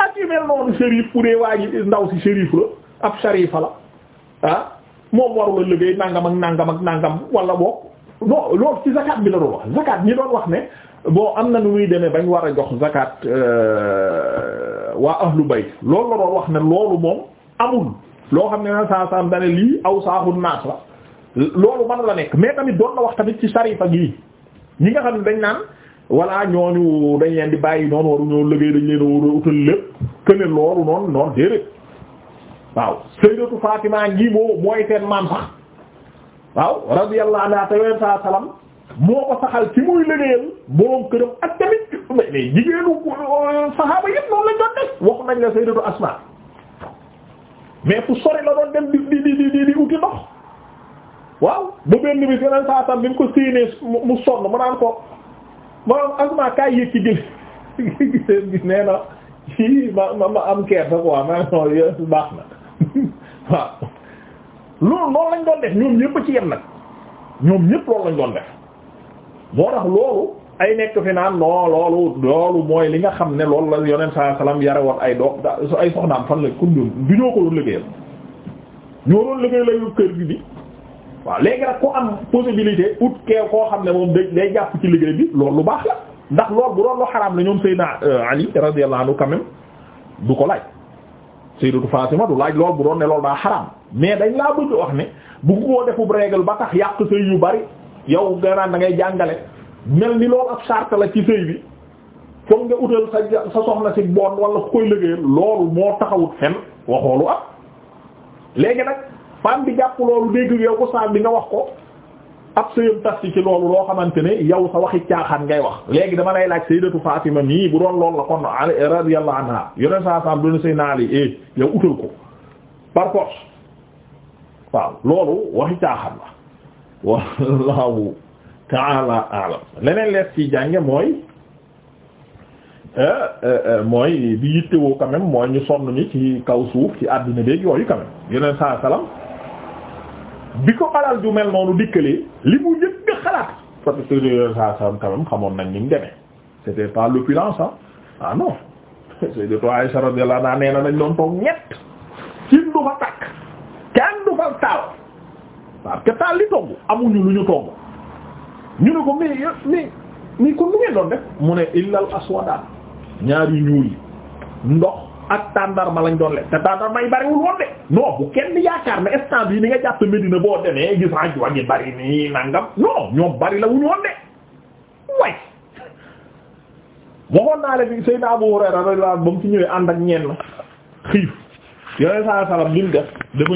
ak yu mel noonu shérif bu dee waa ji ndaw si shérif la ab sharifa la ah moom warula liggéey nangam ak nangam ak nangam wala boog non loolu ci zakat bi la doon wax zakat wax ne boo am na nu muy demee bañ war a jox zakat euh, waa ahlu bay loolu la doon wax ne loolu moom amul loo xam ne na saa saam dane lii aw saaxul naas la loolu manu la nekk mais tamit doon la wax tamit ci sharifa gii ñi nga xam ne dañ naan voilà ñooñu dañ leen di bàyyi noonu waruñoo liggéey dañ leen war a utal lépp que loolu noonu noonu déedéet waaw sayyidatu Fatima ngi moo mooy seen maam sax waaw radiyallahu anha ta yoneen salaam moo ko saxal ci muy liggéeyal boroom këram ak tamit jigéenu euh, saxaaba yëpp noonu lañ doon def waxu nañ la sayyidatu Asma mais fu sori la doon dem di di di di di uti ndox waaw bu benn bis yoneen saa salaam bi mu ko séenee mu sonn mu ko moom asma kaay yëg ci gëléem gi nee na ma ma am kersa quoi ma yooyu baax na waaw loolu loolu lañ doon def ñoom ñëpp ci yem nag ñoom ñëpp loolu lañ doon def moo tax loolu ay nekk fi naan non loolu loolu mooy li nga xam ne loolu la yonent saa salaam yare woon ay doom ay soxnaam fan la kon ñun du ñoo ko doon liggéeyal ñoo doon liggéeyal kër gi bi waaw léegi nag ku am possibilité ut kee koo xam ne moom day jàpp ci liggéey bi loolu lu baax la ndax loolu bu doon lu xaraam la ñoom Seydina euh, Ali radiyallahu anhu quand même du ko laaj Sayyidatu Fatima du laaj loolu bu doon ne loolu daa xaraam mais dañ laa bëgg wax ne bu ko defub règle ba tax yàq sëy yu bari yow gannaan da ngay jàngale mel ni loolu ab charte la ci sëy bi foog nga utal sa soxla si bon wala ku koy liggéeyal loolu moo taxawut fen waxoolu am léegi nag femme bi jàpp loolu dégg yow ustaas bi nga wax ko ab sëyam tas ci loolu loo xamante ne yow sa waxi caaxaan ngay wax léegi dama lay laaj sayyidatu Fatima mii bu doon loolu la kon radiyallahu anha yoneen saa sam doona say naali e eh, yow utal ko par force waaw loolu waxi caaxaan la wallahu ta'ala a'lam leneen lees ci jànge mooy eh, eh, mooy bi yittewoo quand même mooy ñu sonn ñi ci kaw suuf ci àddina béeg yooyu quand même yeneen saa salaam bi ko alal ju mel noonu dikkalee li mu njëkk nga xalaat parce que yooyu saa saa quand même xamoon nañ ni mu demee c'était pas l'opulence ah ah non Sayyidatu Aisha radiyallahu anha nee na dañ doon toog ñett ci du fa takk kenn du fa taal parce taal li togg amuñu lu ñu togg ñu ne ko mais mais mais kon lu ngeen doon def mu ne illal aswadaan ñaari ñuul yi ndox ak tàndarma lañu doon lekk te tàndarma yi bariwul woon de non bu kenn yaakaar ne instant bii ni nga jàpp Medina boo demee gis ajwa gi bari nii nangam non ñoom bari la wuñu woon de way waxoon naa la bi Seydina Abu Hurayra radiyallahu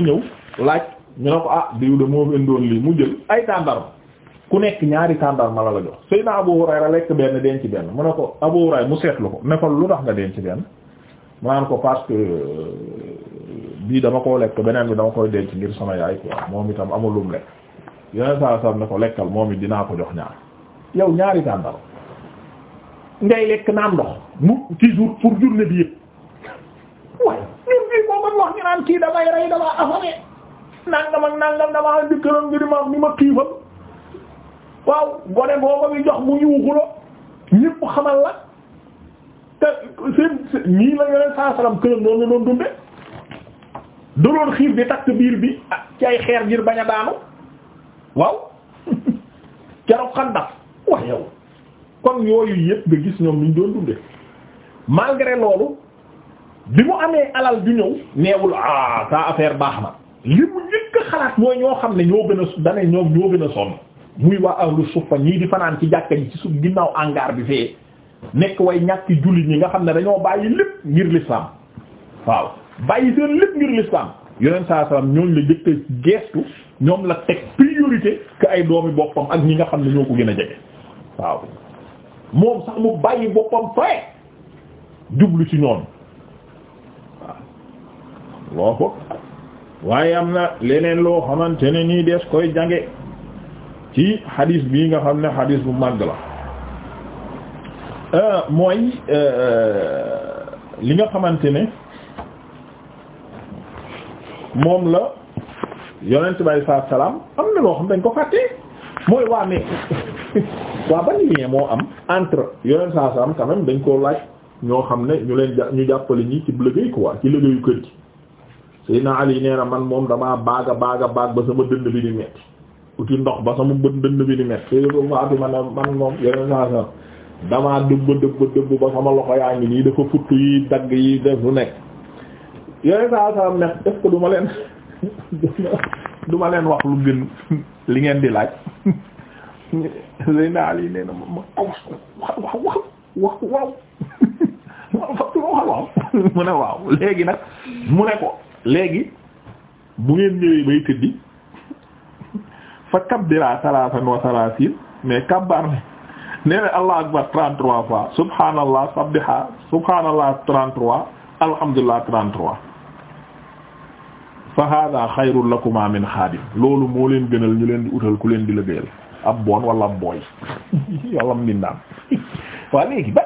ñëw laaj ñu ne ko ah lii mu jël ay tàndarma nekk ñaari tàndarma la la jox Seydina Abu Hurayra lekk benn denc benn mu ne ko Abu Hurayra mu seetlu ko ne ko lu tax nga denc benn ma naan ko parce euh, bii dama koo lekk beneen bi dama koy denc ngir sama yaay quoi moom itam amul lum lekk yeneen saa saa ne ko lekkal moom it dinaa ko jox ñaar yow ñaari tàndal ngay lekk naan ndox mu ci jour pour journée bi yëpp kii waaw gone boo bi jox mu yuuxu la xamal la te seen ñii la yeneen saa salaam këram noonu doon dunde da doon xiir di takk biir bi ci ay xeer ngir bañ a daanu waaw keroog xandaf wax yow kon yooyu yëpp nga gis ñoom niñ doon dunde malgré loolu bi mu amee alal ju ñëw neewul ah sa affaire baax na li mu njëkk xalaat mooy ñoo xam ne ñoo gën a dane ñoom ñoo gën a sonn muy waa ahlu suffa ñii di fanaan ci jàkka ji ci suuf ginnaaw angaar bi fee nekk way ñàkk jullit ñi nga xam ne dañoo bàyyi lépp ngir l'islam waaw bàyyi seen lépp ngir l'islam yonent saa salaam ñooñ la jëkk geestu ñoom la teg priorité que ay doomi boppam ak ñi nga xam ne ñoo ko gën a jege waaw moom sax mu bàyyi boppam fay jublu ci ñoom waaw loo waaye am na leneen loo xamante ne nii des koy jange ci xadiis bii nga xam ne xadiis bu màgg la Euh, mooy euh, li nga xamante ne moom la yonent bi saa salaam am na loo xam dañ ko fàtte mooy waa ne waa ban lien moo am entre yonent saa salaam quand même dañ koo laaj ñoo xam ne ñu leen ñu jàppale ñi ci liggéey quoi ci liggéeyu kër gi Seydina Ali nee na man moom damaa baaga baaga baag ba sama dënd bi di metti uti ndox ba sama bët dënd bi di metti Seydina Fatima man moom yonent saa salaam damaa dëbb dëbb dëbb ba sama loxo yaa ngi dafa futt yi dagg yi def lu nekk yooyu saa salaam nekk est-ce que du ma leen leen wax lu gën li ngeen di laaj léegi daal yi nee na ma wax wax wax wax waaw mu ne waaw léegi nag mu ne ko léegi bu ngeen ñëwee bay tëddi fa kabdira salaasan wa salaasin mais kabbar ne nee na allah akbar 33 fois subhanallah sabbiha subhanallah 33 alhamdulillah 33 fa hada xayrun lakuma min xaadim loolu moo leen gënal ñu leen di utal ku leen di liggéeyal ab boon wala ab booy wala mbindaan waaw léegi ba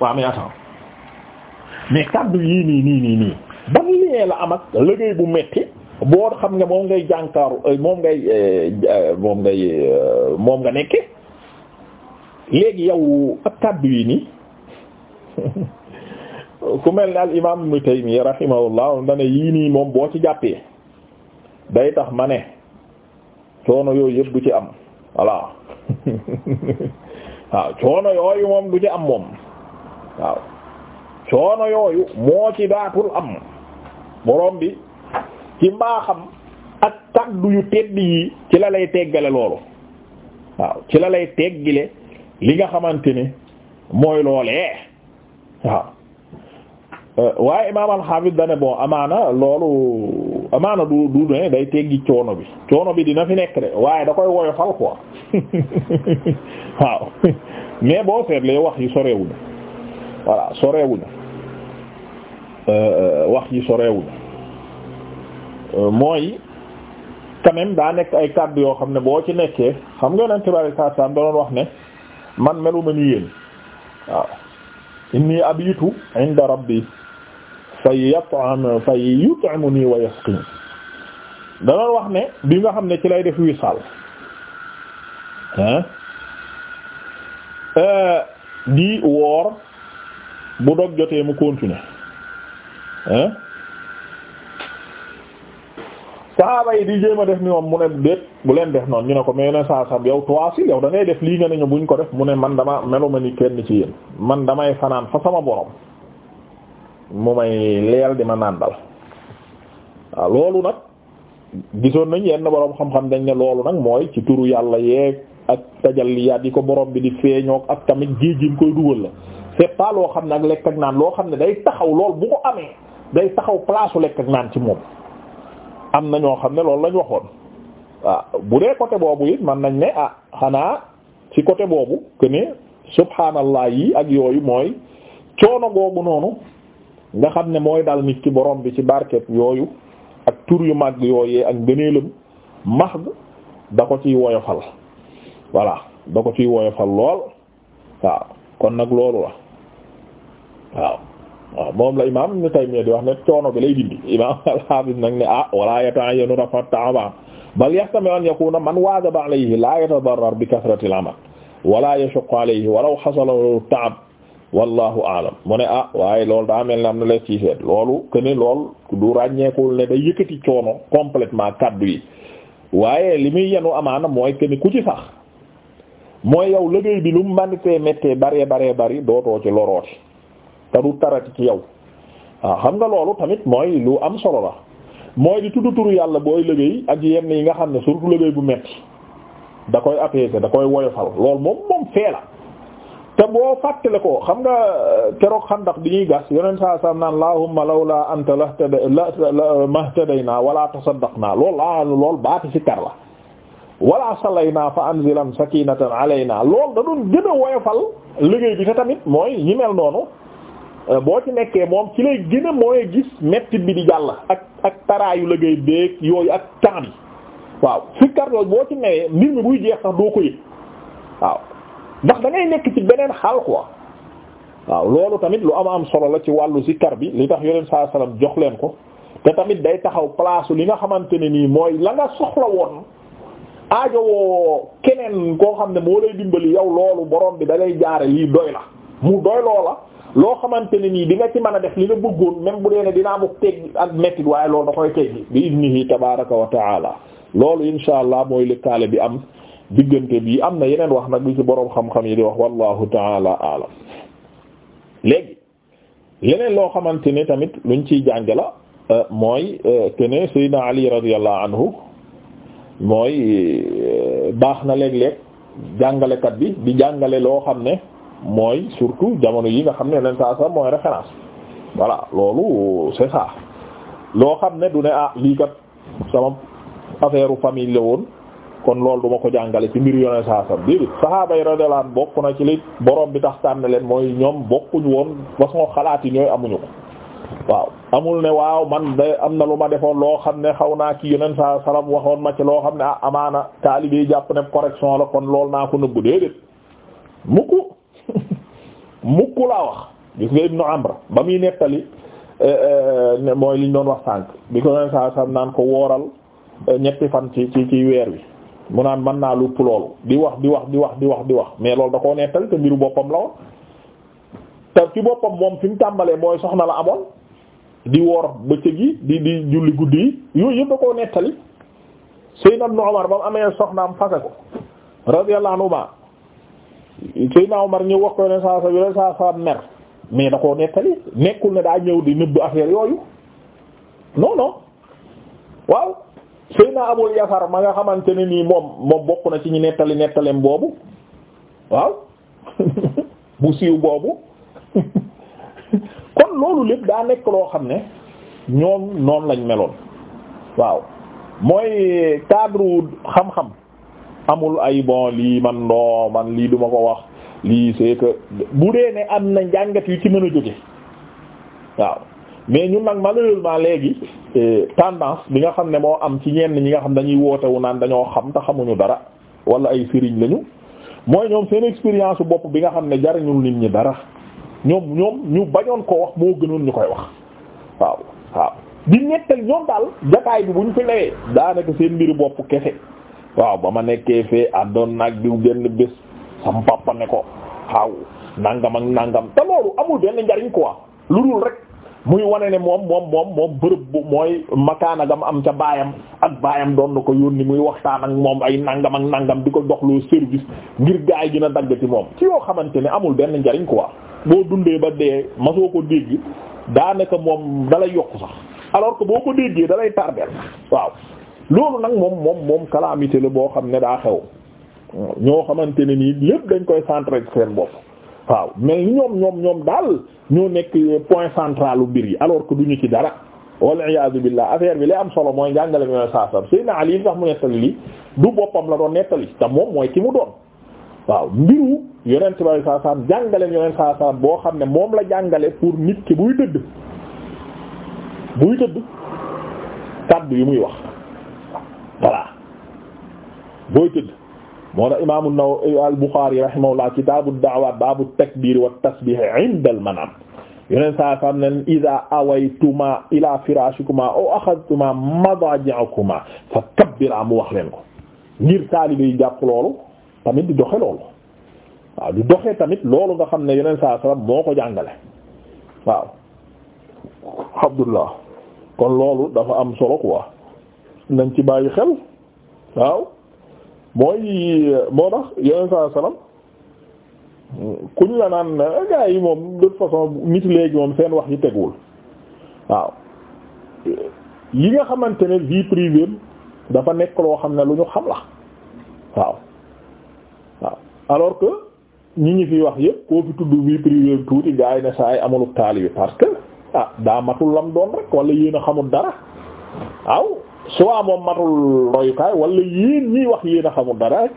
waaw mais attends mais kaddu yii nii nii nii nii ban lien la am ak bu metti boo xam nga moom ngay jànkaaru moom ngay eh, eh, moom ngay eh, nga nekke léegi yow ak kàddu yi nii ku mel ne al imaam ibnu Taymiyya rahimahullah dana yii nii moom boo ci jàppee day tax ma ne coono yooyu yëpp du ci am voilà waaw coono yooyu moom du ci am moom waaw yooyu moo ci daatul am borom bi ci mbaaxam ak kaddu yu tedd yi ci la lay teggale loolu waaw ci la lay teggile li nga xamante ne mooy loole waaw euh, waaye imaam al-Hafiz dane bon amaana loolu amana du du ne day teggi coono bi coono bi dina fi nekk de waaye da koy woyofal quoi waaw mais boo seetlee wax yi sorewuñu voilà sorewuñu euh, euh, wax yi sorewuñu mooy quand même daa nekk ay kàddu yoo xam ne boo ci nekkee xam nga Yonent bi sallallahu alayhi wax ne man meluma ni yéen waaw inni abitu inda rabbi fa yat'am fa yut'imuni wa wax ne bi nga xam ne ci lay def wisaal hein euh, di woor bu dog jotee mu continuer hein saaba yi di jéem a def ni moom mu ne déet bu leen def noonu ñu ne ko mais saa sam yow tuwaasil yow da ngay def lii nga bu ñu ko def mu ne man dama meluma ni kenn ci yéen man damay fanaan fa sama borom mu may leel di ma nàndal waaw loolu nag gisoon nañ yenn borom xam-xam dañ ne loolu nag mooy ci turu yàlla yeeg ak tajalliyaat yi ko boroom bi di feeñoog ak tamit géejim koy dugal la c'est pas loo xam ne ak lekk ak naan loo xam ne day taxaw lool bu ko amee day taxaw place u lekk ak naan ci moom am na xam ne loolu lañ waxoon waaw bu dee côté boobu it man nañ ne ah xanaa ci côté boobu que ne subhanallah yi ak yooyu mooy coono googu noonu nga xam ne mooy dal nit ki boroom bi ci barket yooyu ak tur yu mag yooyee ak gëneelam max da ko ciy woyofal voilà da ko ciy woyofal lool waaw kon nag loolu la waaw waaw moom la imaam Ibn Taymiyya di wax ne coono bi lay dindi imaam al-Hafiz nag ne ah wala yata'ayyanu rafa ta'aba bal yahtamilu an yakuna man waajaba alayhi la yatadarrar bi kasratil amal wala yashuqqa alayhi walaw hasala ta'ab wallahu a'lam mu ne ah waaye loolu daa mel ni am na lees ci seet loolu que ne lool du ràññeekul ne day yëkkati coono complètement kaddu yi waaye li muy yenu amaana mooy que ni ku ci sax mooy yow liggéey bi lu mu mënatee méttee baree baree bari dootoo ci lorooti te du tarati ci yow waaw ah, xam nga loolu tamit mooy lu am solo la. mooy di tudd turu yàlla booy liggéey ak yenn yi nga xam ne surtout liggéey bu metti da koy apaiser da koy woyofal lool moom moom fee te boo fàttale ko xam nga euh, keroog xandax bi ñuy gas yeneen saa saa naan allahumma lawla anta lahtada mahtadaynaa wala tasaddaqnaa lool laa lool baati si kar la wala salaynaa fa anzilan sakinatan alaynaa lool da doon gën a woyofal liggéey bi te tamit mooy ñi mel noonu Euh, boo ci nekkee moom ci lay gën a mooy gis mettit bi di jàll ak ak taraayu liggéey beeg yooyu ak temps bi waaw sikkar yooyu boo ci newee mbir mi buy jeex sax doo ko yëg waaw ndax da nekk ci beneen xaal quoi waaw loolu tamit lu am am solo la ci wàllu sikkar bi li tax yoneen saa salaam jox leen ko te tamit day taxaw palaasu li nga xamante ne nii mooy la nga soxla woon aajo woo keneen koo xam ne moo lay dimbali yow loolu borom bi da lay jaare lii doy la mu doy loola. loo xamante ne nii di nga ci mën a def li na bëggoon même bu dee ne dinaa bëgg teg ak mettit waaye loolu da koy teggi bi ibnihi tabaraka wa taala loolu insha allah mooy lëkkaale bi am diggante bi am na yeneen wax nag li ci boroom xam-xam yi di wax wallahu taala alam léegi yeneen loo xamante ni tamit luñ ciy jàng la euh, mooy kene euh, sayyidina ali radiyallahu anhu mooy euh, baax na léeg-léeg jàngalekat bi di jàngale loo xam ne mooy surtout jamono yi nga xam ne leen saa saa mooy référence voilà loolu c'est ça loo xam ne du ne ah lii kat sama affaire famille la woon kon loolu duma ko jàngale ci mbir yoneen saa sam déedéet sahaaba yi radiyallahu anhum bokk na ci li borom bi tax tànn leen mooy ñoom bokkuñu woon façon xalaat yi ñooy amuñu ko waaw amul ne waaw man am na lu ma defoon loo xam ne xaw naa ki yoneen saa salam waxoon ma ci loo xam ne ah amaana taalibe jàpp ne correction la kon loolu naa ko nëbbu mukk laa wax gis nga ibnu amra ba muy nettali eh, eh, mooy liñ doon wax sànq bi ko yoneen saa sam naan ko wooral eh, ñetti fan ci weer wi mu naan mën naa lu loolu di wax di wax di wax di wax di wax mais loolu da koo nettali te mbiru boppam la woon te ci boppam moom fi mu tàmbalee mooy soxna la amoon di woor bëccëg yi di di julli guddi yi yooyu yëpp da koo nettali Seydina Ibn Umar ba mu amee soxnaam fase ko radiyallahu anhu Seydina Omar ñëw wax ko yeneen saa sa yeneen saa mer mais da koo nettali nekkul na daa ñëw di nëbb affaire yooyu non non waaw Seydina Abul Yasar ma nga xamante ni nii moom moom bokk na ci ñu nettali nettalem boobu waaw bu siiw boobu kon loolu lépp daa nekk loo xam ne ñoom noonu lañ meloon waaw mooy cadre xam-xam. amul ay bon lii man loo man lii duma ko wax lii c'est que bu dee ne am na njàngat yu ci mën a jóge waaw mais ñun nag malheureusement léegi eh, tendance bi nga xam ne moo am ci ñenn ñi nga xam ne dañuy wootewu naan dañoo xam te xamuñu dara wala ay sëriñ lañu mooy ñoom seen expérience bopp bi nga xam ne jariñul nit ñi dara ñoom ñoom ñu bañoon ko wax moo gënoon ñu koy wax waaw waaw di nettal ñoom daal jataay bi bu ñu fi newee daanaka seen mbiru bopp kese waaw ba ma nekkee fee àndoon naag diw benn bés sam papa ne ko xaaw nangam ak nangam te loolu amul benn njariñ quoi lu dul rek muy wane ne moom moom moom moom bërëb mooy makaana gam am ca baayam ak baayam doon na ko yónni muy waxtaan ak moom ay nangam ak nangam di ko doxloo service ngir gaa yi gën a dagg ci moom ci yoo xamante ne amul benn njariñ quoi boo dundee ba dee masoo ko dégg daanaka moom dalay yokk sax alors que boo ko déggee dalay tardeel waaw loolu nag moom moom moom calamité la boo xam ne daa xew ñoo xamante ne nii lépp dañ koy centré seen bopp waaw mais ñoom ñoom ñoom daal ñoo nekk point central lu mbir yi alors que duñu ci dara wal iyaadu billah affaire bi lay am solo mooy jàngale njàngale ñooy saasam Seydina Ali sax mu nettali li du boppam la doon nettali te moom mooy ki mu doon waaw mbiru yonent bi saasam jàngale yonent saasam boo xam ne moom la jàngale pour nit ki buy dëdd buy dëdd kaddu wax voilà booy tëdd moo tax imaamu al-Bukhari rahimahullah kitaabu da'waat baabu takbiir wa tasbiih inda al-manaam yeneen saa saam ne idaa awaytumaa ilaa firaashikumaa aw axadtumaa madaaji'akumaa fa kabbiraa mu wax leen ko ngir taalibe yi jàpp loolu tamit di doxe loolu waaw di doxe tamit loolu nga xam ne yeneen saa salaam moo ko jàngale waaw. Abdullah kon loolu dafa am solo quoi. nañ ci bàyyi xel waaw mooy moo tax yooyu saa salaam kuñ la naan gars yi moom de toute façon nit léegi moom seen wax yi teguwul waaw yi nga xamante ne vie privée dafa nekk loo xam ne lu ñu xam la waaw waaw alors que ñi ñi fi wax yépp koo fi tudd vie privée tuuti gars yi ne saa yi amulub taal yi parce que ah daa matul lam doon rek wala yéen a dara waaw soit moom matul royukaay wala yéen ñiy wax yéen a xamul dara rek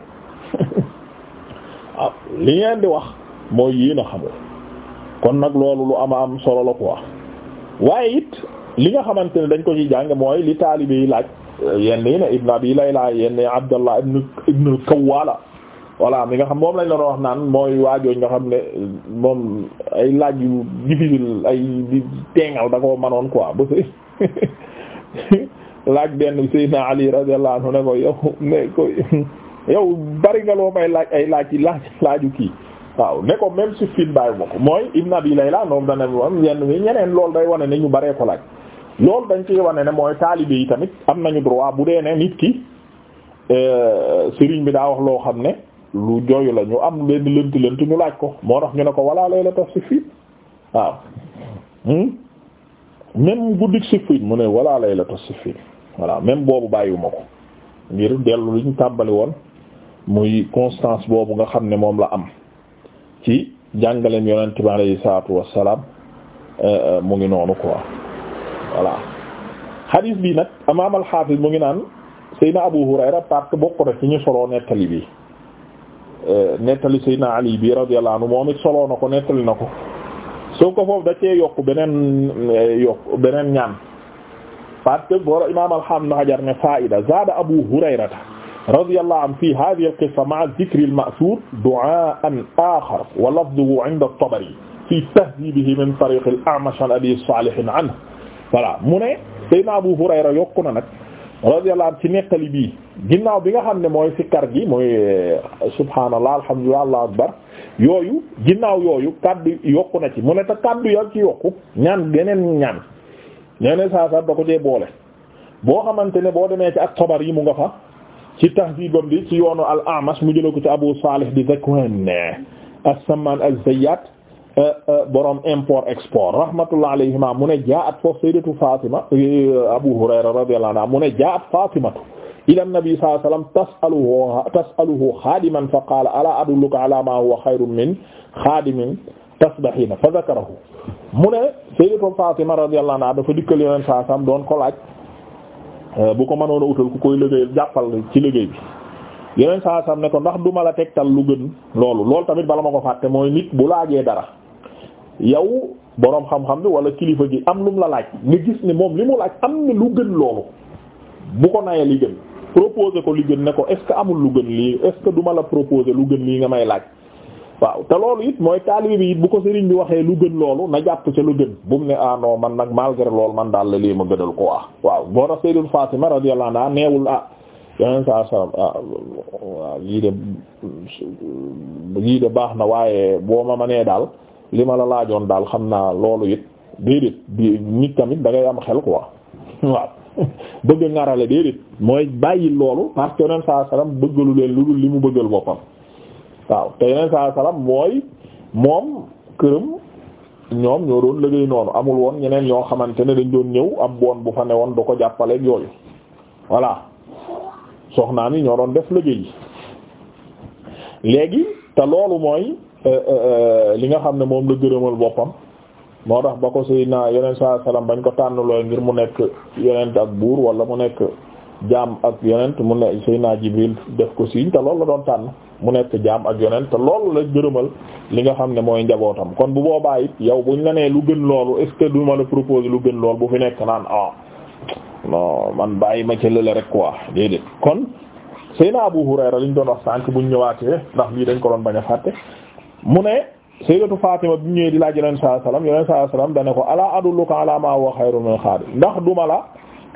ah, li ngeen di wax mooy yéen a xamul kon nag loolu lu ama am solo la quoi waaye it li nga xamante ne dañ ko ci jàng mooy li taalibe yi laaj yenn yi ne Ibn Abi Layla yenn Abdallah ibn ibn Kawala voilà mi nga xam moom lañ la wax naan mooy waajooñ nga xam ne moom ay laaj yu difficile ay di da koo manoon quoi ba laaj benn Seydina Ali radiyallahu anhu ne ko yow ne ko yow bari nga loo may laaj ay laaj yi laaj laaju kii waaw ne ko même Siffin bàyyi ma ko mooy Ibn Abi Layla moom dana am yenn wi ñeneen loolu day wane ne ñu baree ko laaj loolu dañ ci wane ne mooy taalibe yi tamit am nañu droit bu dee ne nit ki euh, sëriñ bi daa wax loo xam ne lu jooyu la ñu am benn lënt lënt ñu laaj ko moo tax ñu ne ko walaa laylata Siffin waaw hmm? même guddik Siffin mu ne walaa laylata Siffin voilà même boobu bàyyiwuma ko ngir dellu li ñu tàmbali woon muy constance boobu nga xam ne moom la am ci jàngaleem yonent bi alayhi salaatu wassalaam euh, euh, mu ngi noonu quoi voilà hadith bi nag imaam al mu ngi naan Seydina Abu Hurayra parce que bokk na ci ñu soloo nettali bi euh, nettali Seydina Ali bi radiyallahu anhu moom it soloo na ko nettali na ko soo ko foofu da cee yokk beneen yokk beneen ñaan parce que boora imam alhamd na hajar ne faida zada abu hurayrata radiyallahu anhu fi hadhihi al-qissa ma'a dhikri al-ma'thur du'aan akhar wa lafdhuhu 'inda at-tabari fi tahdhibihi min tariq al-a'mash an abi salih anhu voilà mu ne sayyidina abu hurayra yokku na nag radiyallahu anhu ci nettali bii ginnaaw bi nga xam ne mooy sikkar gi mooy subhaanallah alhamdulillah allahu akbar yooyu ginnaaw yooyu kaddu yokku na ci mu ne te kaddu ya ci yokku ñaan geneen ñaan ñeneen saa saa ko cee boole boo xamante ne boo demee ci ak xobar yi mu nga fa ci tahzibam bi ci yoonu al A'mash mu jëla ko ci Abu Salih di Zakwan as-Samman az-Zayyat euh, euh, borom import export rahmatullah alayhima mu ne jaat foofu sayyidatu euh, mu ne jaat Fatimatu ila nabi sallallahu alayhi wasallam tas'aluhu tas'aluhu xaadiman fa qaala alaa adulluka alaa maa huwa xayrun min xaadimin mu ne sayyidatu Fatima radiyallahu anha dafa dikkal yeneen saa sam doon ko laaj euh, bu ko mënoon a utal ku koy liggéeyal jàppal ci liggéey bi yeneen saa sam ne ko ndax duma la tegtal lu gën loolu lool tamit bala ma ko fàtte mooy nit bu laajee dara yow boroom xam-xam bi wala kilifa gi am lu la laaj nga gis ne moom li mu laaj am na lu gën loolu bu ko nayee li gën proposer ko li gën ne ko est-ce que amul lu gën lii est-ce que duma la proposer lu gën lii nga may laaj waaw te loolu it mooy taalibe bi bu ko sëriñ bi waxee lu gën loolu na jàpp ca lu gën bu mu ne ah man nag malgré loolu man daal la lii ma gënal ko ah waaw boo tax Sayyidul Fatima radiyallahu anha neewul ah yeneen saa ah, de baax na waaye boo ma mënee daal li ma la laajoon daal xam naa loolu it déedéet bi nit tamit da ngay am xel quoi waaw bëgg ngarale déedéet mooy bàyyi loolu parce que yeneen saa salaam bëggalu leen lu dul li mu bëggal boppam. waaw te yeneen saa salaam mooy moom këram ñoom ñoo doon liggéey noonu amul woon ñeneen ñoo xamante ne dañ doon ñëw ab boon bu fa ne woon da ko jàppale yooyu voilà soxnaan yi ñoo doon def liggéey yi léegi te loolu mooy euh, euh, euh, li nga xam ne moom la gërëmal boppam moo tax ba ko Seydina yeneen saa salaam bañ ko tànn looy ngir mu nekk yeneen ak buur wala mu nekk jaam ak yeneent mu ne Seydina Jibril def ko siiñ te loolu la doon tànn. mu nekk jaam ak yonent te loolu la gërëmal li nga xam ne mooy njabootam kon bu boobaa it yow buñ la nee lu gën loolu est-ce que du ma la proposer lu gën loolu bu fi nekk naan ah man bàyyi ma ci lële rek quoi déedéet kon Seydina Abu Hurayra liñ doon wax sànk buñ ñëwaatee ndax lii dañ ko doon bañ a fàtte mu ne Sayyidatu Fatima bi ñëwee di laaj yonent sallallahu alayhi wasallam yonent sallallahu alayhi ko ala adulluka ala ma huwa khayrun min xaadim ndax la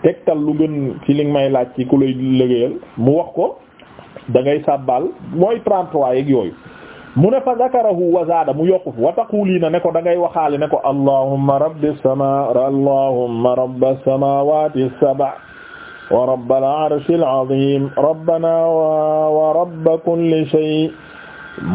tegtal lu gën ci li may laaj ci ku lay liggéeyal mu wax ko da ngay sàbbal mooy 33 yeeg yooyu mu ne fa zakarahu wa zaada mu yokku wa taqulina ne ko da ngay waxaale ne ko allahumma rabbis sama allahumma rabbas samawati sab'a wa rabbal arshil azim rabbana wa rabb kulli shay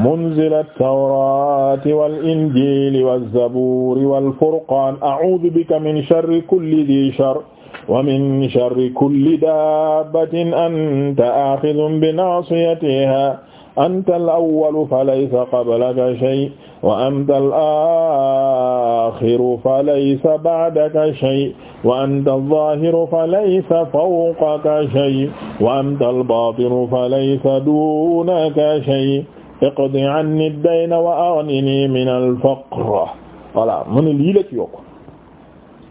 munzila tawrati wal injili waz zaburi wal furqan a'udhu bika min sharri kulli dhi sharr wa min sharri kulli dabbatin anta axidun bi nasiyatiha anta al-awwalu falaysa qablaka shay wa anta al-aaxiru falaysa ba'daka shay wa anta az-zaahiru falaysa fawqaka shay wa anta al-baatinu falaysa duunaka shay iqdi anni ad-dayna wa aghnini min al-faqr voilà mu ne lii la ci yokk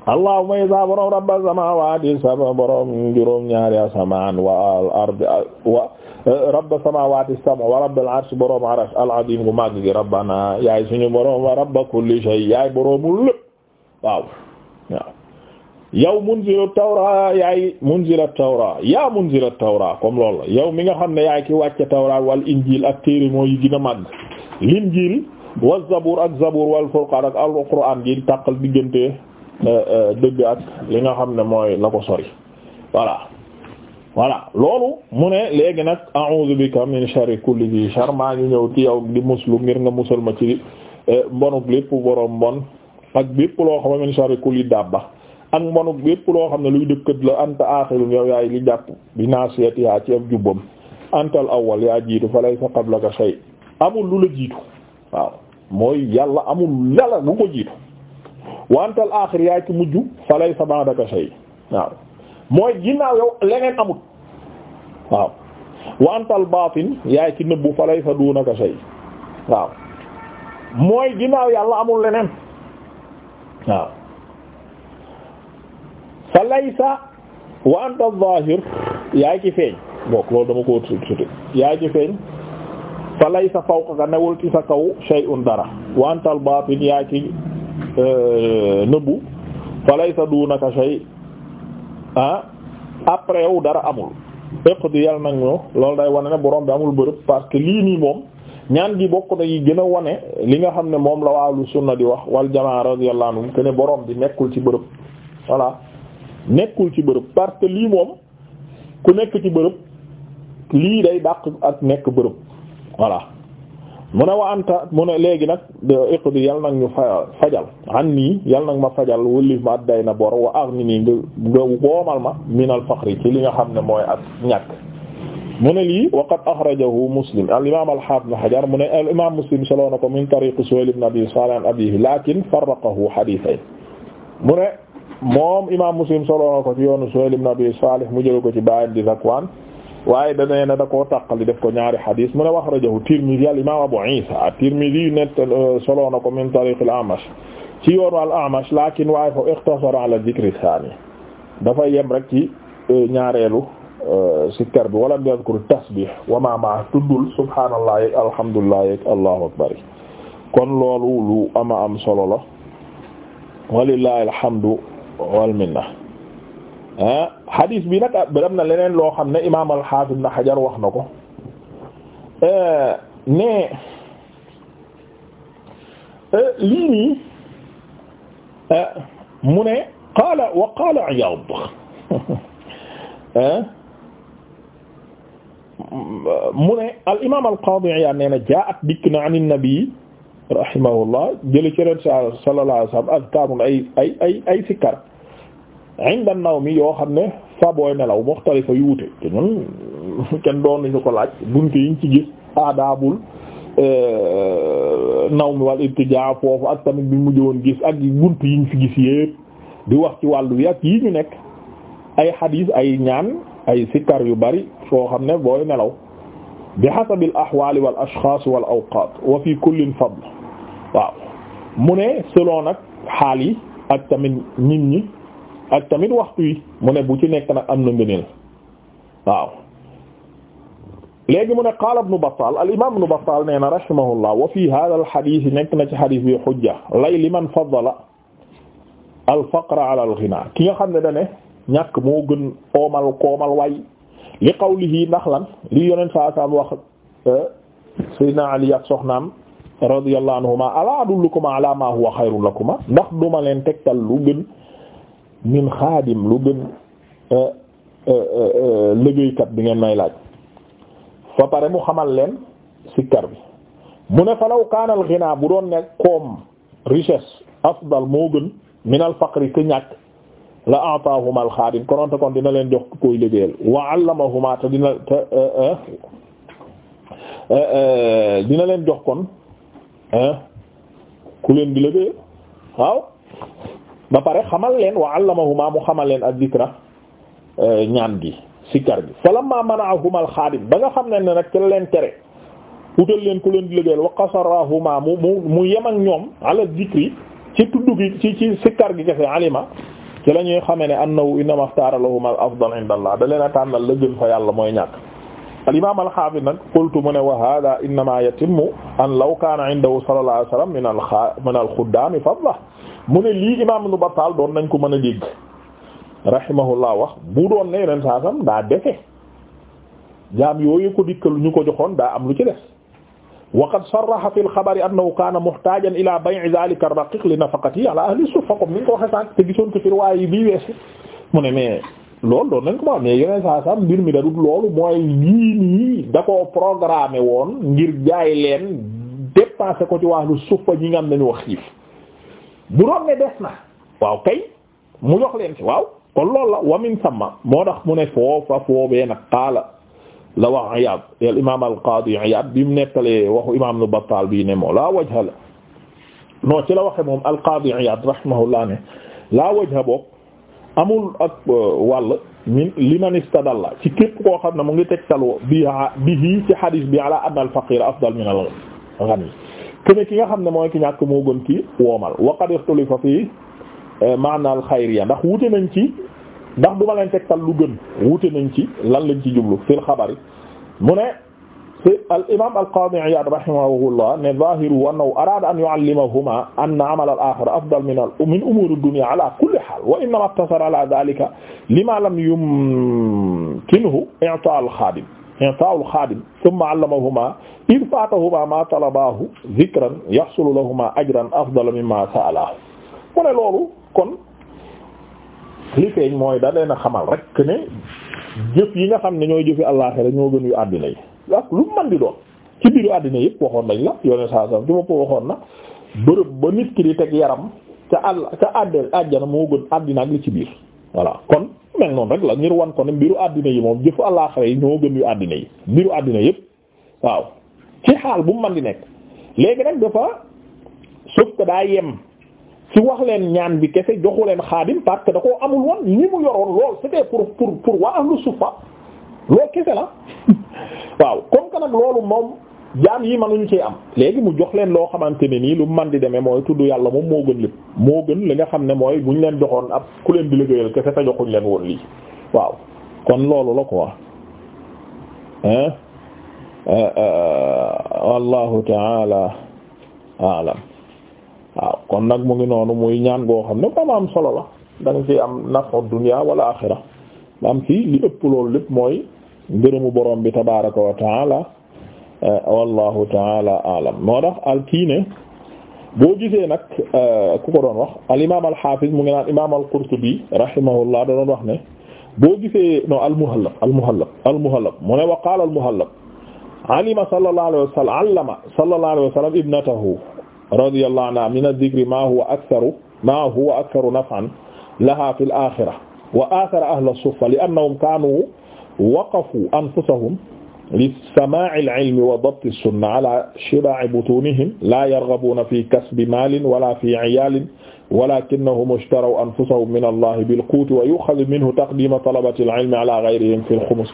allahumma isa borom rabba samawati sama juróom ñaari asamaan wa al ard rabba samawati sama wa rabbil arsh al azim gu màgg gi rabbana yaay suñu borom wa rabba kulli shay yaay boromul lépp waaw waaw yow munziru tawra yaay munziru tawra tawra comme loolu yow mi xam ne yaay ki wàcce tawra wal injil ak téere mooy gën a màgg linjil wa zabur ak zabur wal furqan al qur'an gi tàqal diggante Euh, euh, dëgg ak li nga xam ne mooy la ko sori voilà voilà loolu mu ne léegi nag a'udhu bika min sharri kulli dhi shar maa ngi ñëw ci yow di muslu ngir nga musal ma ci euh, mbonuk lépp boroom mbon ak bépp loo xam ne min sharri kulli dabba ak mbonuk bépp loo xam ne luy dëkkat la anta aaxilum yow yaay li jàpp bi naasiyatiha ci ab jubbam antal awwal yaa jiitu fa laysa qablaka shay amul lu la jiitu waaw mooy yàlla amul yàlla bu ko jiitu wantal aaxir yaay ci mujj fa laysa ba'daka shay waaw mooy ginnaaw yow leneen amut waaw wantal baatin yaay ci nëbbu fa laysa dunaka shay waaw mooy ginnaaw yàlla amul leneen waaw fa laysa wa anta zaahir yaay ci feeñ bokk loolu dama ko suti yaay ci feeñ fa laysa fawqaka newul ci sa kaw shay'un dara wa baatin yaay ci Euh, nëbbu falaysa dunaka shay ah après yow dara amul iqdi yàlla nag ñu loolu day wane ne borom bi amul bërëb parce que lii nii moom ñaan gi bokk na yi gën a wane li nga xam ne moom la waalu sunna di wax wal jamaa radiyallahu anhum que ne borom bi nekkul ci bërëb voilà nekkul ci bërëb parce que lii moom ku nekk ci bërëb lii day dàq ak nekk bërëb voilà mu ne wa anta mu ne léegi nag iqdi yal nag ñu fa fajal an nii yal nag ma fajal wëlif ma adday na bor wa aghni nii nga nga woomal ma min al faxri ci li nga xam ne mooy ak ñàkk mu ne lii wa qad akhrajahu muslim al imam al hafiz hajar mu ne al imam muslim soloo na ko min tariq suhayl ibn abi salih an abihi lakin farraqahu hadithayn mu ne moom imam muslim soloo na ko ci yoonu suhayl ibn abi salih mu jël ko ci baayam di zakwaan waaye danee na da koo tàqali def ko ñaari xadis mu ne wax rajahu Tirmidhi al imam Abu Isa at-Tirmidhi net euh, solo na ko min tariq al-A'mash ci yoonu al-A'mash lakin waaye fa ikhtasara ala dhikri thani dafa yem rek ci euh, ñaareelu euh, sikkar bi wala yadhkur tasbih wa ma ma kon loolu lu am solo la walillahi alhamdu wal minna ah hadis bi nag ah, am na leneen loo xam ne imaam al-Hafiz Ibn Hajar wax na ko eh, ne eh, lii nii mu ne qaala wa qaala Iyaad mu ne al imaam al qaadi Iyaad nee na jaa'at dikk na an nabi rahimahullah jëlee ci ren sallallahu alayhi wa sallam azkaar ay ay ay ay sikkar inda naw mi yoo xam ne fa booy nelaw muxtalifa yu wute te ñun kenn doon nañu ko laaj bunte yiñ ci gis aadaabul euh, naw mi wal irtijaa foofu ak tamit bi mujj woon gis ak bunt yiñ fi gis yépp di wax ci wàllu wi ak yi ñu nekk ay xadiis ay ñaan ay sikkar yu bari soo xam ne booy nelaw bi xasabil axwaali wal ashxaas wal awqaat wa fi kullin fadl waaw mu ne selon nag xaal yi ak tamit nit ñi ak tamit waxtu yi mu ne bu ci nekk nag am na ngëneel waaw léegi mu ne qaala ibnu Battaal al imaam na rahimahullah wa fii nekk na ci hadiis bi hujja lay liman faddala al faqra ala al ki nga xam ne da ne ñàkk moo gën oomal koomal waay li qawlihi ndax lan li yonent saa saa wax eh, Seydina Ali ak soxnaam radiyallahu anhuma alaa adullukum alaa maa huwa xayrun lakuma ndax duma leen tegtal lu gën. min xaadim lu gën euh, euh, euh, liggéeykat bi ngeen may laaj fa pare mu xamal leen sikkar bi mu ne falaw kaana al ghina bu doon nekk koom richesse afdal moo gën min al faqri te ñàkk la atahuma xaadim konoonte kon dina leen jox ku koy leen jox ku leen di liggéeyal waaw ba pare xamal leen wa allamahuma mu xamal leen az-zikra euh, ñaan gi sikkar gi falamma mana'ahuma al-xaadim ba nga xam ne nag ci leen tere utal leen ku leen di liggéeyal wa qasarahuma mu mu mu yem ak ñoom ala zikri ci tuddu gi ci ci sikkar gi kese alima ci la ñuy xamee ne annahu innama ixtaara lahuma al-afdal inda Allah da leen a tànnal la gën fa yàlla mooy ñàkk. al-imaam al-haafiz nag qultu mu ne wa haaza innamaa yatimmu an law kaana indahu sallallahu alayhi wa sallam min al-xuddaami fadla mu ne lii imaam Ibn Battal doon nañ ko mën a dégg rahimahullah wax bu doon ne yeneen saa sam daa defe jaam yooyu ko dikkal ñu ko joxoon daa am lu ci des wa qad sarraha fi al-xabari annahu kaana muhtaajan ila bay'i dhalika ar-raqiq li nafaqatihi ala ahli sufa comme ni nga gisoon ko ci riwaaya yi bii weesu mu ne mais loolu doon nañ ko ma mais yeneen saa mbir mi da dul loolu mooy lii nii da koo woon ngir jaay leen dépensé ko ci wàllu sufa ñi nga am wax xiif bu doon ne des na waaw kay mu jox leen ci waaw kon loolu la wamin samma moo tax mu ne foofa foobee nag xaala la wax Iyaad al imaam al qaadi Iyaad bi mu nettalee waxu imaam Ibn Battaal bii ne moo laa wajha la non ci la waxe moom al qaadi Iyaad rahimahullah ne laa wajha boog amul ak euh, wàll min liman istadalla ci képp koo xam ne mu ngi tegtaloo bi bihi ci hadis bi ala anna al faqiir afdal min al ghani kene ki nga xam ne mooy ki ñàkk moo gën ki woomal wa qad ikhtalifa fi eh, ma'na al xayriya ndax wute nañ ci ndax du ma leen tegtal lu gën wute nañ ci lan lañ ci jublu fil xabari mu ne fi al imam al qadi iyad rahimahullah ne zahiru annahu arada an yu'allimahuma anna amal al akhir afdal min al min umur ad dunya ala kulli hal wa innama iqtasara ala dhalika lima lam yumkinhu i'ta al khadim i'taa'ul xaadim thumma 'allamahuma id faatahuma ma talabaahu dhikran yahsulu lahuma ajran afdala mimma sa'alahu mu ne loolu kon li feeñ mooy da leen a xamal rek ne jëf yi nga xam ne ñooy jëfi àllaxira ñoo gën yu àddina yi ak lu man di doon ci biiru àddina yëpp waxoon nañ la yoone saa saa ci bopp waxoon na bërëb ba nit ki di teg yaram ca àll ca àddel àjjana moo gën àddina ak li ci biir voilà kon mel noonu rek la ngir wan ko mbiru àddina yi moom jëfu àllaaxira yi ñoo gën yu àddina yi mbiru àddina yëpp waaw ci xaal bu mu man nekk léegi rek dafa sauf que daa yem ci wax leen ñaan bi kese joxu leen xaadim parce que da koo amul woon ñi mu yoroon lool c'était pour pour pour waa ahlu sufa loolu kese la waaw comme que loolu moom jaam yi mënuñu cee am léegi mu jox leen loo xamante ne nii lu man di demee mooy tudd yàlla moom moo gën lépp moo gën li nga xam ne mooy bu buñ leen joxoon ab ku leen di liggéeyal kese te joxuñ leen woon lii waaw kon loolu la ko quoi hein euh, euh, wallahu taala alam waaw kon nag mu ngi noonu muy ñaan goo xam ne dama am solo la da nga ci am nafu dunya wala axira am ci li ëpp loolu lépp mooy ngërëmu borom bi tabaraka wa Eh, wallahu taala alam moo tax al kiine boo gisee nag eh, ku ko doon wax al imaam al xaafiz mu ngi naan imaam al qurtubi rahimahullah da doon wax ne boo gisee non al muhallab al muhallab al muhallab mu ne wa qaala al muhallab alima sallallahu alayhi wa sallam allama sallallahu alayhi wa sallam ibnatahu radiyallahu anha min adh-dhikri ma huwa aktharu ma huwa aktharu naf'an laha fil aaxira wa aathara ahla as-suffa li annahum kaanu waqafu anfusahum li samaa'i al-ilmi wa dabti as-sunna ala shibaa'i butuunihim laa yarghabuuna fi kasbi maalin wala fi 'iyaalin walaakinnahum ishtaraw anfusahum min allahi bil-quuti wa yu'khadhu minhu taqdiimu talabati al-'ilmi ala ghayrihim fi al-khumusi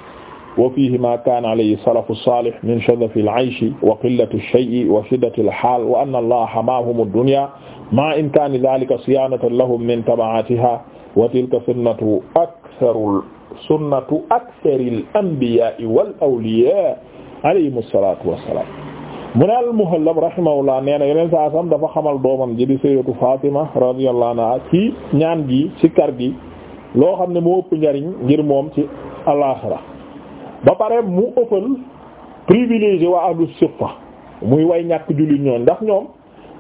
wa fiihi maa kaana alayhi as-salafu as-saalih min shadhafi al-'ayshi wa qillati ash-shay'i wa shiddati al-haal wa anna allaha hamaahum ad-dunyaa ma'a imkaani dhaalika siyaanatan lahum min taba'aatihaa wa tilka sunnatu aktharul sunnatu aktharil anbiyaa'i wal awliyaa'i alayhimu salaatu wassalaam mu ne al-Muhallab rahimahullah nee na yeneen saa sam dafa xamal doomam ji di sayyidatu Fatima radiyallahu anha ci ñaan gi ci kar gi loo xam ne mu ëpp njariñ ngir moom ci alaaxira ba pare mu ëppal privilégié waa ahlu suffa muy way ñàkk jullit ñooñ ndax ñoom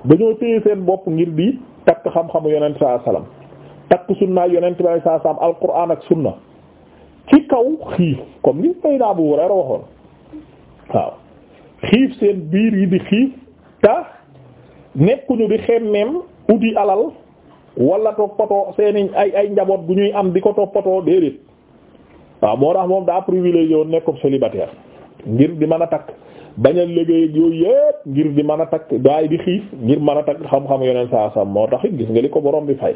dañoo téye seen bopp ngir di takk xam-xamu yonent saa salaam takk sunnaay yonent bi saa saam alquran ak sunna ci kaw xiif comme li Seydina Abu Hurayra waxoon waaw xiif seen biir yi di xiif te nekkuñu di xemmeem uti alal wala toppatoo seeni ay ay njaboot bu ñuy am di ko toppatoo déedéet waaw moo tax moom daa privilégié woon nekkoon célibataire ngir di man a takk bañ a liggéey yooyu yépp ngir di mën a takk daay di xiif ngir mën a takk xam-xam yonent saa moo tax gis nga li ko boroom bi fay.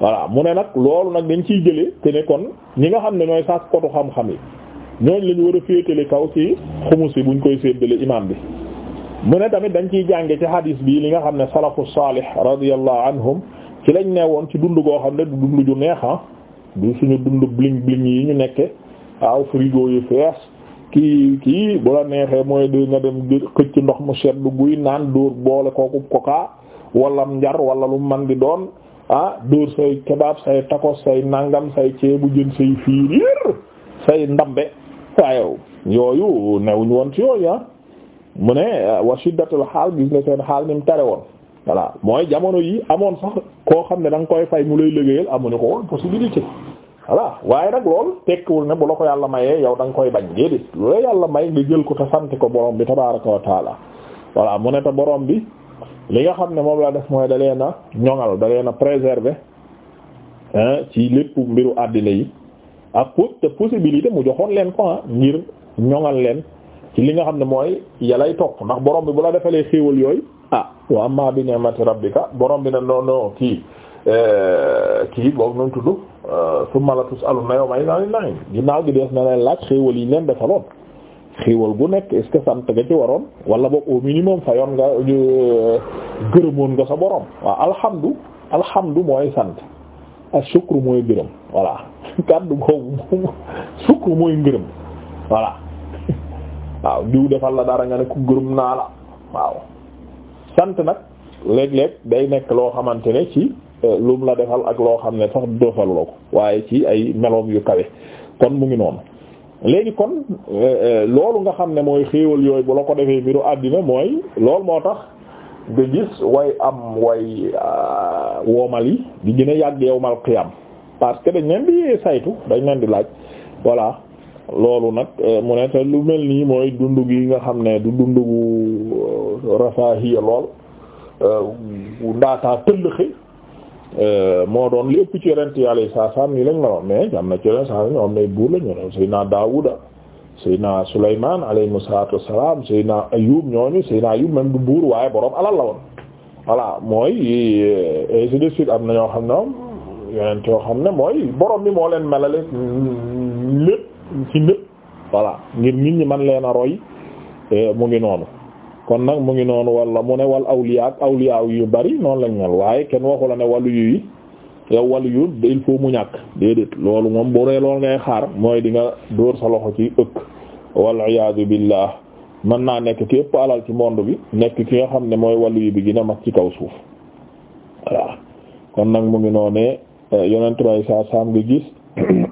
voilà mu ne nag loolu nag dañ ciy jëlee te kon ñi nga xam ne ñooy sax kotu xam-xam yi ñooñ la ñu war a féetale kaw ci xumus yi buñ koy séddale imaam bi mu ne tamit dañ ciy jànge ci hadis bii li nga xam ne salafu salih radiyallahu anhum ci lañ ne woon ci dund goo xam ne du dund ju neex ah suñu dund bling bling yi ñu nekke waaw frigo yu fees kii kii bu la neexee mooy di nga dem xëcc ndox mu sedd guy naan dóor boole kooku kokaa wala njar wala lu man di doon ah dóor say kebab say tacos say nangam say ceebu jën say fiiriir say ndambe waayow yooyu newuñ woon ci yooyu ah mu ne ah, wa shiddatul xaal gis seen xaal ni tare woon voilà mooy jamono yi amoon sax koo xam ne da nga koy fay mu lay amu amuñu ko woon possibilité voilà waaye nag lool tekkiwul ne bu la ko yàlla mayee yow danga koy bañ déedéet lu la yàlla may nga jël ko te sant ko borom bi tabaaraka wa taala mu ne te borom bi li nga xam ne moom la def mooy da na a ñoŋal da leen a préserver ci lépp mbiru àddina yi ak pour te possibilité mu joxoon leen ko ngir ñoŋal leen ci li nga xam ne mooy yalay topp ndax borom bi bu la defalee xéewal yooyu ah wa amma bi ni'mati rabbika borom bi na noono kii euh, kii boog nu mu tudd summa euh, la tus'alunna yawma idhin 'anil na'im ginnaaw gi dees na leen laaj xéewal yi leen defaloon xéewal gu nekk est-ce que sant nga ci waroon wala boog au minimum fayoon nga euh, gërëmoon nga sa borom waaw alhamdu alhamdu mooy sant ak sukru mooy gërëm voilà kàddu boobu sukru mooy ngërëm waaw diw defal la dara nga ne ku gërëm naa la waaw sant nag léeg-léeg day nekk loo xamante ne ci euh, lum la defal ak loo xam ne sax defal la ko waaye ci ay meloom yu kawe kon mu ngi noonu léegi kon euh, euh, loolu nga xam ne mooy xéewal yooyu bu la ko defee mbiru àddina mooy loolu moo tax nga gis way am way euh, woomal yi di gën a yàgg yowmal qiyam parce que dañ leen di saytu dañ leen di laaj voilà loolu nag mu ne te lu mel nii mooy dund gi nga xam ne du dund gu rafaahiya lool bu ndaataa tëllëxi Euh, moo doon li ci yonent yàlla yi saa saa nii lañ la woon am na ci yonent saa ñoo am nay buur la ñu ne Seydina Daawuda Seydina Sulaymaan alayhimu salaatu wassalaam Seydina Ayuub ñooñu Seydina Ayuub même du buur waaye boroom alal la woon voilà mooy euh, ainsi de suite am na ñoo xam na yoo xam ne mooy boroom bi moo leen melale lépp ci lépp voilà ngir nit ñi mën leen a roy euh, mu ngi noonu. kon nag mu ngi noonu wala mu ne wal awliya ak awliya yu bari noonu lañ mel waaye kenn waxu la ne wallu yu yow wallu yu il faut mu ñàkk déedéet loolu moom boo dee loolu ngay xaar mooy di nga dóor sa loxo ci ëkk wal iyaadu billah mën naa nekk ki ëpp alal ci monde bi nekk ki nga xam ne mooy walu yu bi gën a mag ci kaw suuf voilà kon nag mu ngi noonee euh, yonent bay saa saam nga gis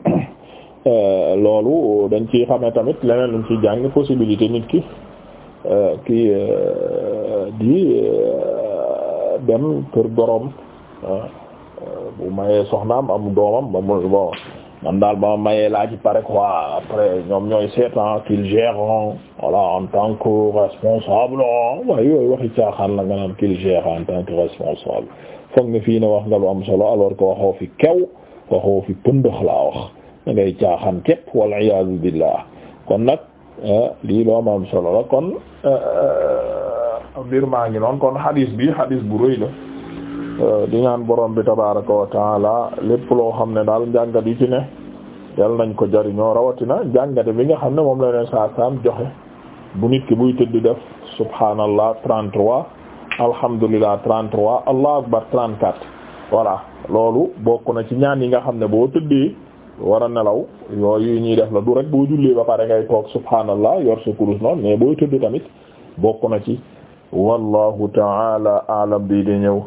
euh, loolu dañ ci xamee tamit leneen luñ ci jàng possibilité nit ki kii euh, di euh, dem kër gorom ah, euh, bu mayee soxnaam am doomam ba man daal ba mayee laaj ci pare quoi après ñoom ñooy seet kil qu'ils gèrent voilà en tant que responsable ah, waaye yooyu waxi caaxaan la nga naan qu'ils gèrent en tant que responsable foog nga fii wax nga waxoo fi kew waxoo fi pëndëx laa wax da ngay caaxaan képp wal iyaazu billah kon nag Eh, lii loo am solo la kon eh, eh, mbir maa ngi noonu kon hadis bi hadis bu rëy la di ñaan borom bi tabaraka wa taala lépp loo xam ne daal njàngat yi ci ne yal nañ ko jariñoo rawatina njàngate bi nga xam ne moom la leen saa saam joxe bu nit ki buy tëdd def subhanallah 33 alhamdulillah 33 allah akbar 34 voilà loolu bokk na ci ñaan yi nga xam ne boo tëddee wara a nelaw yooyu ñuy def la du rek boo jullee ba pare ngay toog subhaanallah yor sa kurus noonu mais booy tëdd tamit bokk na ci wallahu taala alam bi di ñëw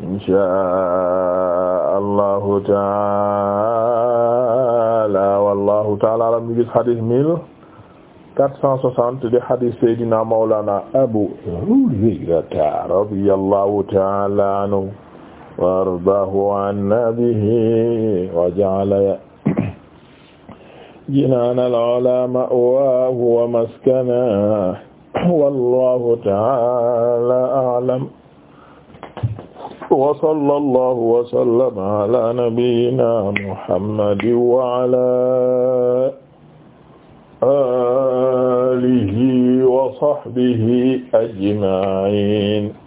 inshaa allahu taala wallahu taala alam ñu gis hadith mille quatre cent soixante di hadith seydina mawlana abu hurayrata radiyallahu taala anhu wa ardaahu anna bihi wa ja'ala jinaanal ulaa ma'waahu wa maskanahu wallaahu ta'aala a'lam wa sallallaahu wa sallama alaa nabiyyinaa Muhammadin wa alaa aalihi wa sahbihi ajma'iin